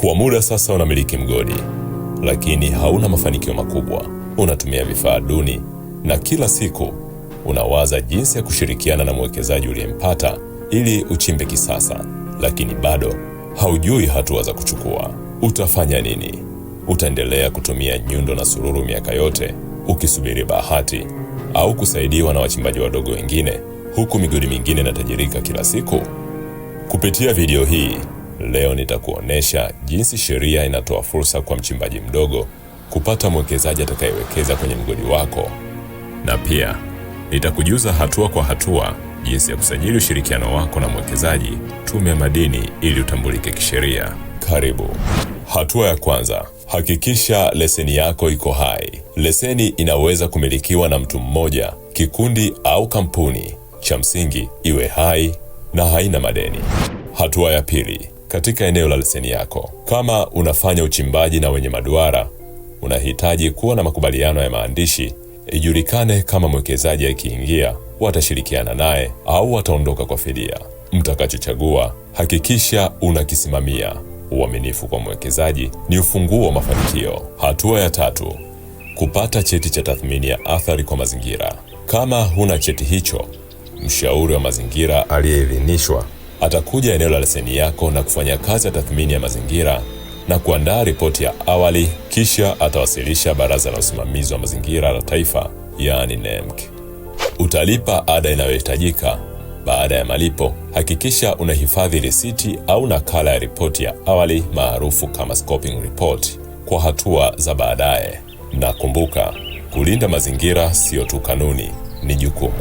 Kwa muda sasa unamiliki mgodi, lakini hauna mafanikio makubwa. Unatumia vifaa duni na kila siku unawaza jinsi ya kushirikiana na mwekezaji uliyempata ili uchimbe kisasa, lakini bado haujui hatua za kuchukua. Utafanya nini? Utaendelea kutumia nyundo na sururu miaka yote ukisubiri bahati au kusaidiwa na wachimbaji wadogo wengine, huku migodi mingine inatajirika kila siku? Kupitia video hii Leo nitakuonesha jinsi sheria inatoa fursa kwa mchimbaji mdogo kupata mwekezaji atakayewekeza kwenye mgodi wako, na pia nitakujuza hatua kwa hatua jinsi ya kusajili ushirikiano wako na mwekezaji Tume ya Madini ili utambulike kisheria. Karibu. Hatua ya kwanza, hakikisha leseni yako iko hai. Leseni inaweza kumilikiwa na mtu mmoja, kikundi au kampuni. Cha msingi iwe hai na haina madeni. Hatua ya pili, katika eneo la leseni yako. Kama unafanya uchimbaji na wenye maduara, unahitaji kuwa na makubaliano ya maandishi ijulikane kama mwekezaji akiingia watashirikiana naye au wataondoka kwa fidia. Mtakachochagua hakikisha unakisimamia. Uaminifu kwa mwekezaji ni ufunguo wa mafanikio. Hatua ya tatu: kupata cheti cha tathmini ya athari kwa mazingira. Kama huna cheti hicho, mshauri wa mazingira aliyeidhinishwa atakuja eneo la leseni yako na kufanya kazi ya tathmini ya mazingira na kuandaa ripoti ya awali, kisha atawasilisha Baraza la Usimamizi wa Mazingira la Taifa, yaani nemk Utalipa ada inayohitajika. Baada ya malipo, hakikisha unahifadhi risiti au nakala ya ripoti ya awali maarufu kama scoping report kwa hatua za baadaye. Na kumbuka, kulinda mazingira siyo tu kanuni, ni jukumu.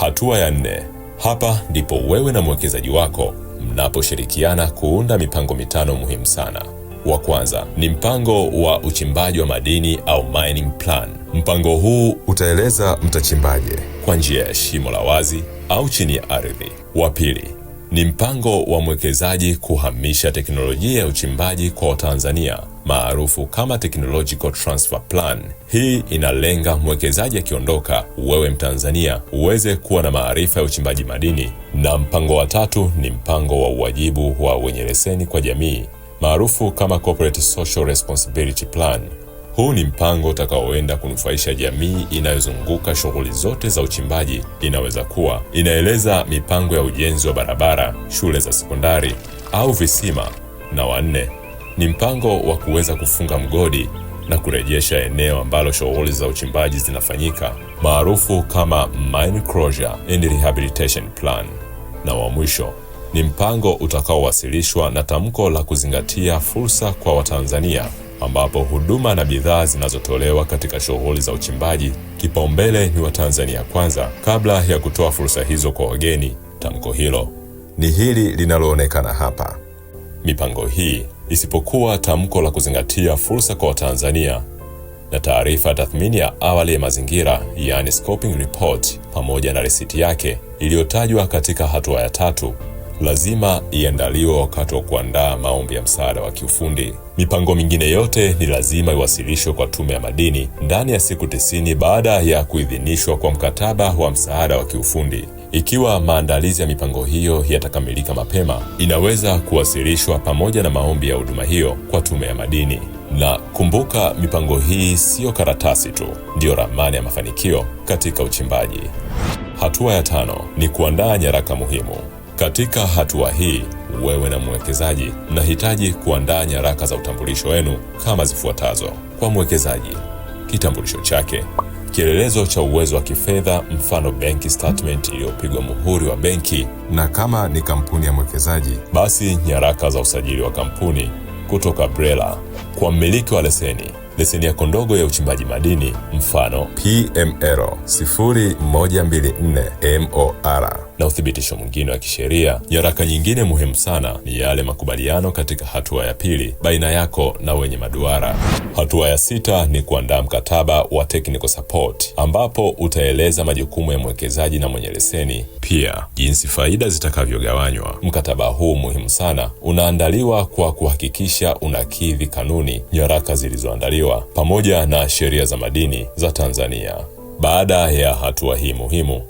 Hatua ya nne: hapa ndipo wewe na mwekezaji wako mnaposhirikiana kuunda mipango mitano muhimu sana. Wa kwanza ni mpango wa uchimbaji wa madini au mining plan. Mpango huu utaeleza mtachimbaje kwa njia ya shimo la wazi au chini ya ardhi. Wa pili ni mpango wa mwekezaji kuhamisha teknolojia ya uchimbaji kwa Watanzania maarufu kama technological transfer plan. Hii inalenga mwekezaji akiondoka, wewe Mtanzania uweze kuwa na maarifa ya uchimbaji madini. Na mpango wa tatu ni mpango wa uwajibu wa wenye leseni kwa jamii maarufu kama corporate social responsibility plan. Huu ni mpango utakaoenda kunufaisha jamii inayozunguka shughuli zote za uchimbaji. Inaweza kuwa inaeleza mipango ya ujenzi wa barabara, shule za sekondari au visima. Na wanne ni mpango wa kuweza kufunga mgodi na kurejesha eneo ambalo shughuli za uchimbaji zinafanyika maarufu kama Mine Closure and Rehabilitation Plan. Na wa mwisho ni mpango utakaowasilishwa na tamko la kuzingatia fursa kwa Watanzania, ambapo huduma na bidhaa zinazotolewa katika shughuli za uchimbaji kipaumbele ni Watanzania kwanza kabla ya kutoa fursa hizo kwa wageni. Tamko hilo ni hili linaloonekana hapa. Mipango hii isipokuwa tamko la kuzingatia fursa kwa Watanzania na taarifa ya tathmini ya awali ya mazingira yani scoping report, pamoja na risiti yake iliyotajwa katika hatua ya tatu lazima iandaliwe wakati wa kuandaa maombi ya msaada wa kiufundi. Mipango mingine yote ni lazima iwasilishwe kwa Tume ya Madini ndani ya siku tisini baada ya kuidhinishwa kwa mkataba wa msaada wa kiufundi. Ikiwa maandalizi ya mipango hiyo yatakamilika mapema, inaweza kuwasilishwa pamoja na maombi ya huduma hiyo kwa Tume ya Madini. Na kumbuka, mipango hii siyo karatasi tu, ndiyo ramani ya mafanikio katika uchimbaji. Hatua ya tano ni kuandaa nyaraka muhimu. Katika hatua hii, wewe na mwekezaji mnahitaji kuandaa nyaraka za utambulisho wenu kama zifuatazo: kwa mwekezaji, kitambulisho chake kielelezo cha uwezo wa kifedha, mfano benki statement iliyopigwa muhuri wa benki, na kama ni kampuni ya mwekezaji, basi nyaraka za usajili wa kampuni kutoka BRELA kwa mmiliki wa leseni leseni yako ndogo ya uchimbaji madini mfano PML 0124 MOR na uthibitisho mwingine wa kisheria. Nyaraka nyingine muhimu sana ni yale makubaliano katika hatua ya pili baina yako na wenye maduara. Hatua ya sita ni kuandaa mkataba wa technical support, ambapo utaeleza majukumu ya mwekezaji na mwenye leseni, pia jinsi faida zitakavyogawanywa. Mkataba huu muhimu sana unaandaliwa kwa kuhakikisha unakidhi kanuni, nyaraka zilizoandaliwa pamoja na sheria za madini za Tanzania. Baada ya hatua hii muhimu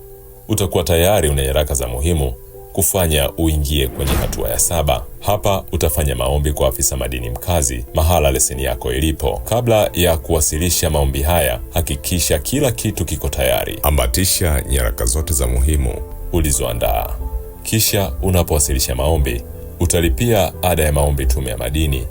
utakuwa tayari una nyaraka za muhimu kufanya uingie kwenye hatua ya saba. Hapa utafanya maombi kwa afisa madini mkazi mahala leseni yako ilipo. Kabla ya kuwasilisha maombi haya, hakikisha kila kitu kiko tayari. Ambatisha nyaraka zote za muhimu ulizoandaa. Kisha unapowasilisha maombi, utalipia ada ya maombi Tume ya Madini.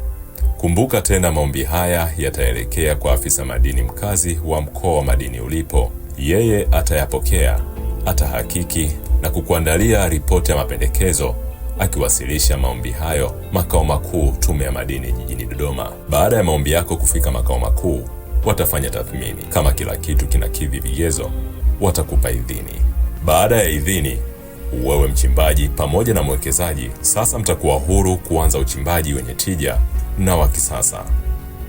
Kumbuka tena, maombi haya yataelekea kwa afisa madini mkazi wa mkoa wa madini ulipo. Yeye atayapokea atahakiki na kukuandalia ripoti ya mapendekezo akiwasilisha maombi hayo makao makuu Tume ya Madini jijini Dodoma. Baada ya maombi yako kufika makao makuu, watafanya tathmini. Kama kila kitu kinakidhi vigezo, watakupa idhini. Baada ya idhini, wewe mchimbaji pamoja na mwekezaji sasa mtakuwa huru kuanza uchimbaji wenye tija na wa kisasa,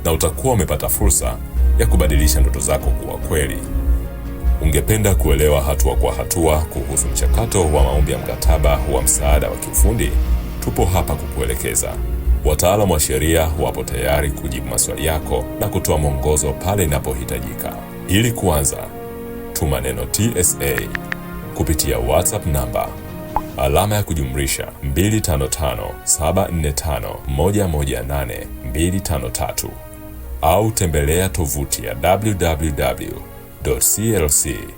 na utakuwa umepata fursa ya kubadilisha ndoto zako kuwa kweli ungependa kuelewa hatua kwa hatua kuhusu mchakato wa maombi ya mkataba wa msaada wa kiufundi, tupo hapa kukuelekeza. Wataalamu wa sheria wapo tayari kujibu maswali yako na kutoa mwongozo pale inapohitajika. Ili kuanza, tuma neno TSA kupitia WhatsApp namba alama ya kujumlisha 255745118253 au tembelea tovuti ya www www.clc.cz.